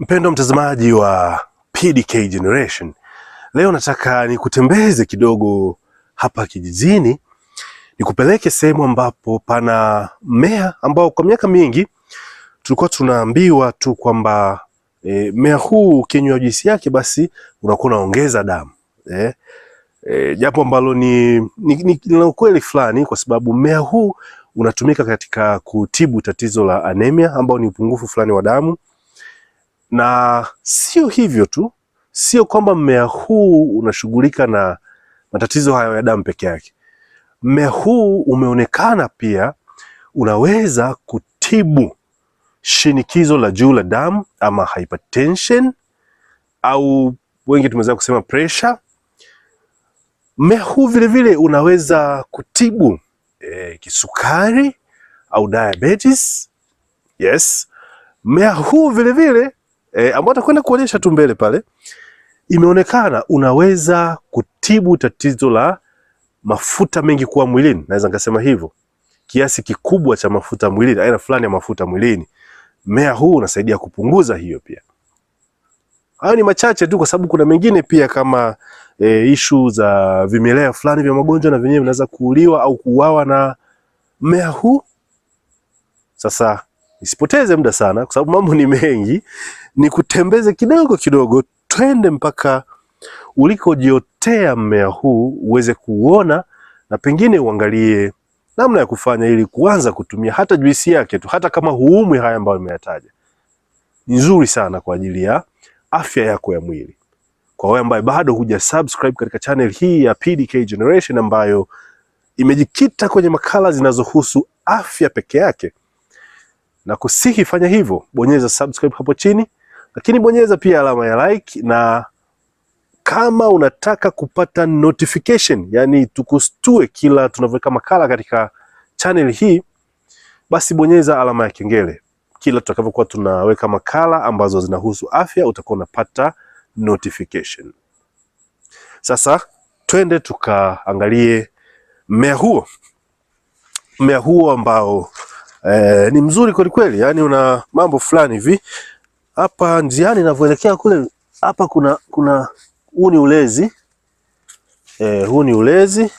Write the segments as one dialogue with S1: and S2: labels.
S1: Mpendo mtazamaji wa PDK Generation, leo nataka nikutembeze kidogo hapa kijijini, nikupeleke sehemu ambapo pana mmea ambao kwa miaka mingi tulikuwa tunaambiwa tu kwamba e, mmea huu ukinywa juisi yake basi unakuwa unaongeza damu e, e, japo ambalo ni, ni, ni, ni ukweli fulani, kwa sababu mmea huu unatumika katika kutibu tatizo la anemia ambao ni upungufu fulani wa damu na sio hivyo tu, sio kwamba mmea huu unashughulika na matatizo hayo ya damu peke yake. Mmea huu umeonekana pia unaweza kutibu shinikizo la juu la damu ama hypertension, au wengi tumeweza kusema pressure. Mmea huu vilevile unaweza kutibu eh, kisukari au diabetes. Yes, mmea huu vilevile e, ambao atakwenda kuonyesha tu mbele pale, imeonekana unaweza kutibu tatizo la mafuta mengi kuwa mwilini, naweza nikasema hivyo, kiasi kikubwa cha mafuta mwilini, aina fulani ya mafuta mwilini, mmea huu unasaidia kupunguza hiyo pia. Hayo ni machache tu, kwa sababu kuna mengine pia kama e, ishu za vimelea fulani vya magonjwa, na vyenyewe vinaweza kuuliwa au kuuawa na mmea huu. Sasa nisipoteze muda sana, kwa sababu mambo ni mengi, ni kutembeze kidogo kidogo, twende mpaka ulikojiotea mmea huu uweze kuuona na pengine uangalie namna ya kufanya ili kuanza kutumia hata juisi yake tu, hata kama huumwi haya ambayo nimeyataja. Ni nzuri sana kwa ajili ya afya yako ya mwili. Kwa wewe ambaye bado huja subscribe katika channel hii ya PDK Generation ambayo imejikita kwenye makala zinazohusu afya peke yake, na kusihi fanya hivyo, bonyeza subscribe hapo chini, lakini bonyeza pia alama ya like, na kama unataka kupata notification, yani tukustue kila tunavyoweka makala katika channel hii, basi bonyeza alama ya kengele. Kila tutakavyokuwa tunaweka makala ambazo zinahusu afya, utakuwa unapata notification. Sasa twende tukaangalie mmea huo, mmea huo ambao e, ni mzuri kweli kweli, yani una mambo fulani hivi hapa njiani ninavyoelekea kule. Hapa kuna kuna huu ni ulezi e, huu ni ulezi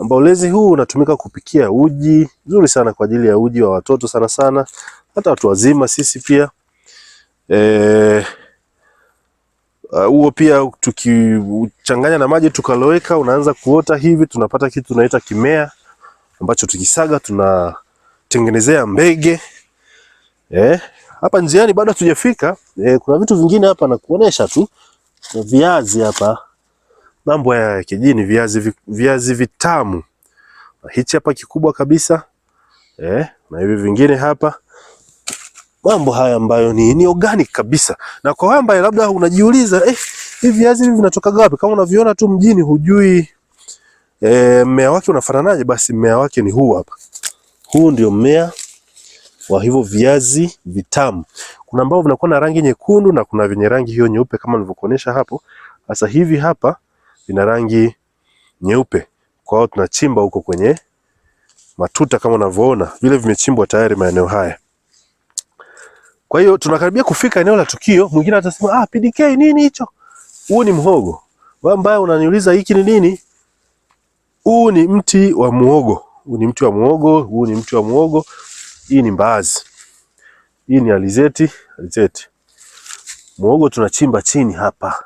S1: ambao ulezi huu unatumika kupikia uji nzuri sana kwa ajili ya uji wa watoto sana sana, hata watu wazima sisi pia e, huo uh, pia tukichanganya na maji tukaloweka, unaanza kuota hivi, tunapata kitu tunaita kimea ambacho tukisaga tuna kutengenezea mbege eh. Hapa njiani bado hatujafika eh, kuna vitu vingine hapa na kuonesha tu viazi hapa, mambo ya kijini, viazi viazi vitamu, hichi hapa kikubwa kabisa eh, na hivi vingine hapa mambo haya ambayo ni, ni organic kabisa. Na kwa wewe ambaye labda unajiuliza eh, hivi viazi hivi vinatoka wapi? Kama unaviona tu mjini hujui eh, mmea wake unafananaje, basi mmea wake ni huu hapa. Huu ndio mmea wa hivyo viazi vitamu. Kuna ambao vinakuwa na rangi nyekundu na kuna vyenye rangi hiyo nyeupe kama nilivyokuonyesha hapo. Sasa hivi hapa vina rangi nyeupe. Kwa hiyo tunachimba huko kwenye matuta kama unavyoona, vile vimechimbwa tayari maeneo haya. Kwa hiyo tunakaribia kufika eneo la tukio. Mwingine atasema ah, PDK nini hicho? Huu ni mhogo. Wewe ambaye unaniuliza hiki ni nini? Huu ni mti wa muhogo huu ni mti wa muogo, huu ni mti wa muogo, hii ni mbaazi, hii ni alizeti, alizeti. Muogo tunachimba chini hapa.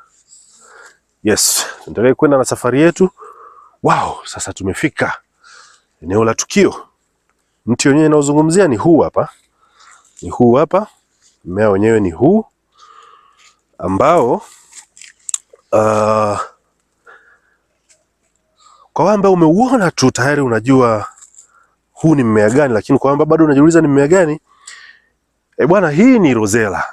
S1: Yes, endelee kwenda na safari yetu. Wow, sasa tumefika eneo la tukio. Mti wenyewe naozungumzia ni huu hapa, ni huu hapa. Mmea wenyewe ni huu ambao uh, kwa wamba umeuona tu tayari unajua huu ni mmea gani, lakini kwa wamba bado unajiuliza ni mmea gani, e bwana, hii ni rosella.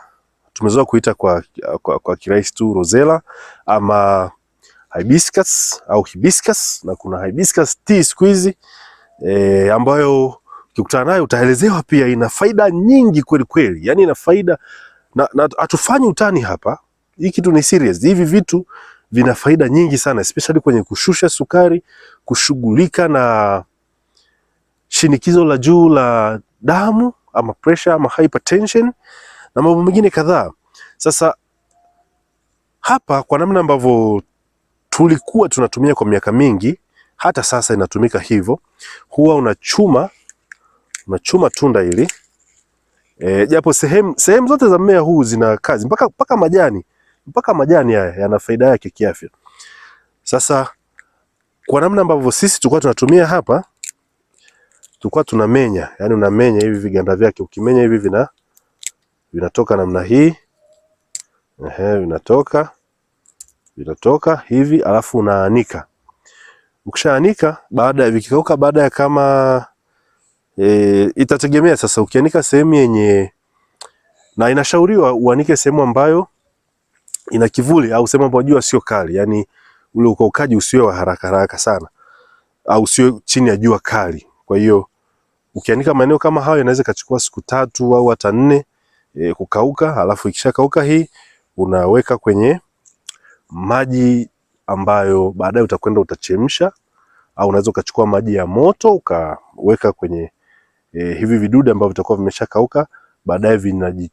S1: Tumezoea kuita kwa, kwa, kwa kirahisi tu rosella ama hibiscus au hibiscus, na kuna hibiscus tea siku hizi e, ambayo ukikutana nayo utaelezewa pia ina faida nyingi kweli kweli, yani ina faida na, na hatufanyi utani hapa. Hii kitu ni serious. Hivi vitu vina faida nyingi sana especially kwenye kushusha sukari, kushughulika na shinikizo la juu la damu ama pressure ama hypertension na mambo mengine kadhaa. Sasa hapa kwa namna ambavyo tulikuwa tunatumia kwa miaka mingi, hata sasa inatumika hivyo, huwa unachuma unachuma tunda hili e, japo sehemu sehemu zote za mmea huu zina kazi mpaka mpaka majani mpaka majani haya yana faida yake kiafya. Sasa kwa namna ambavyo sisi tulikuwa tunatumia hapa, tulikuwa tunamenya, yani unamenya hivi viganda vyake, ukimenya hivi vina vinatoka namna hii ehe, vinatoka vinatoka hivi, alafu unaanika. Ukishaanika baada vikikauka, baada ya kama e, itategemea sasa, ukianika sehemu yenye na inashauriwa uanike sehemu ambayo ina kivuli au sema kwamba jua sio kali, yani ule ukaukaji usiwe wa haraka haraka sana au sio chini ya jua kali. Kwa hiyo ukianika maeneo kama hayo inaweza kachukua siku tatu au hata nne e, kukauka. Alafu ikishakauka hii unaweka kwenye maji ambayo baadaye utakwenda utachemsha, au unaweza ukachukua maji ya moto ukaweka kwenye e, hivi vidude ambavyo vitakuwa vimeshakauka baadaye vinaji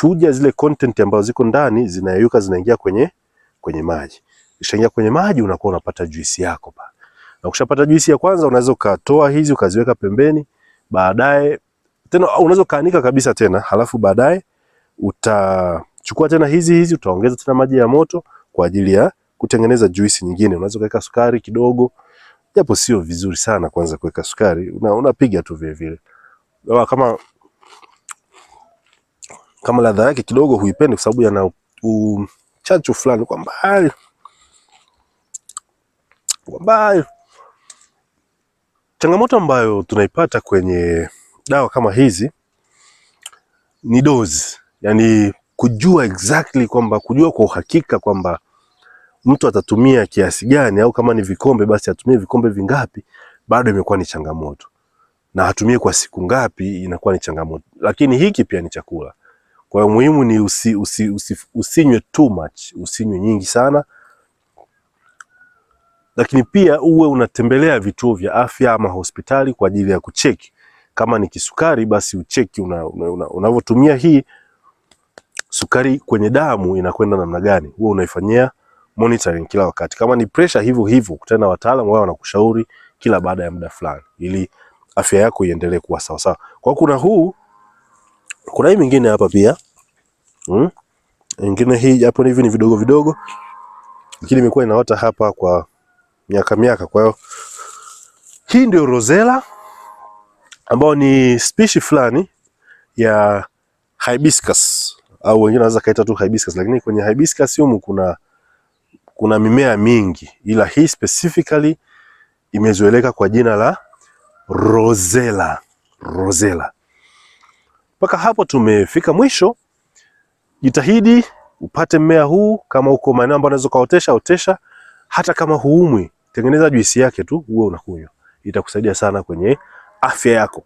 S1: Chuja zile content ambazo ziko ndani zinayeyuka zinaingia kwenye kwenye maji. Ishaingia kwenye maji unakuwa unapata juisi yako pa. Na ukishapata juisi ya kwanza unaweza ukatoa hizi ukaziweka pembeni, baadaye tena unaweza kaanika kabisa tena, halafu baadaye utachukua tena hizi hizi utaongeza tena maji ya moto kwa ajili ya kutengeneza juisi nyingine. Unaweza kuweka sukari kidogo, japo sio vizuri sana kwanza kuweka sukari, unapiga una tu vile vile kama kama ladha yake kidogo huipendi, kwa sababu yana uchachu fulani kwa mbali kwa mbali. Changamoto ambayo tunaipata kwenye dawa kama hizi ni dozi, yani kujua exactly kwamba kujua kwa uhakika kwamba mtu atatumia kiasi gani, au kama ni vikombe basi atumie vikombe vingapi, bado imekuwa ni changamoto, na atumie kwa siku ngapi inakuwa ni changamoto. Lakini hiki pia ni chakula. Kwa hiyo muhimu ni usi, usi, usi, usinywe too much, usinywe nyingi sana, lakini pia uwe unatembelea vituo vya afya ama hospitali kwa ajili ya kucheki kama ni kisukari, basi ucheki unavyotumia una, una, hii sukari kwenye damu inakwenda namna gani, huwa unaifanyia monitoring kila wakati. Kama ni pressure, hivyo hivyo, kutana na wataalamu wao wanakushauri kila baada ya muda fulani, ili afya yako iendelee kuwa sawa sawa. Kwa kuna huu kuna hii mingine hapa pia hmm? Ingine hii hapo hivi ni vidogo vidogo, lakini imekuwa inaota hapa kwa miaka miaka. Kwa hiyo hii ndio Rosella ambayo ni species fulani ya hibiscus au wengine wanaweza kaita tu hibiscus, lakini kwenye hibiscus humu kuna kuna mimea mingi, ila hii specifically imezoeleka kwa jina la Rosella. Rosella mpaka hapo tumefika mwisho. Jitahidi upate mmea huu, kama uko maeneo ambayo unaweza ukaotesha otesha, hata kama huumwi, tengeneza juisi yake tu uwe unakunywa, itakusaidia sana kwenye afya yako.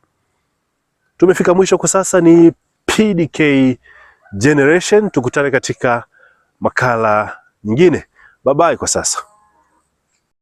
S1: Tumefika mwisho kwa sasa, ni PDK Generation. Tukutane katika makala nyingine. Bye bye kwa sasa.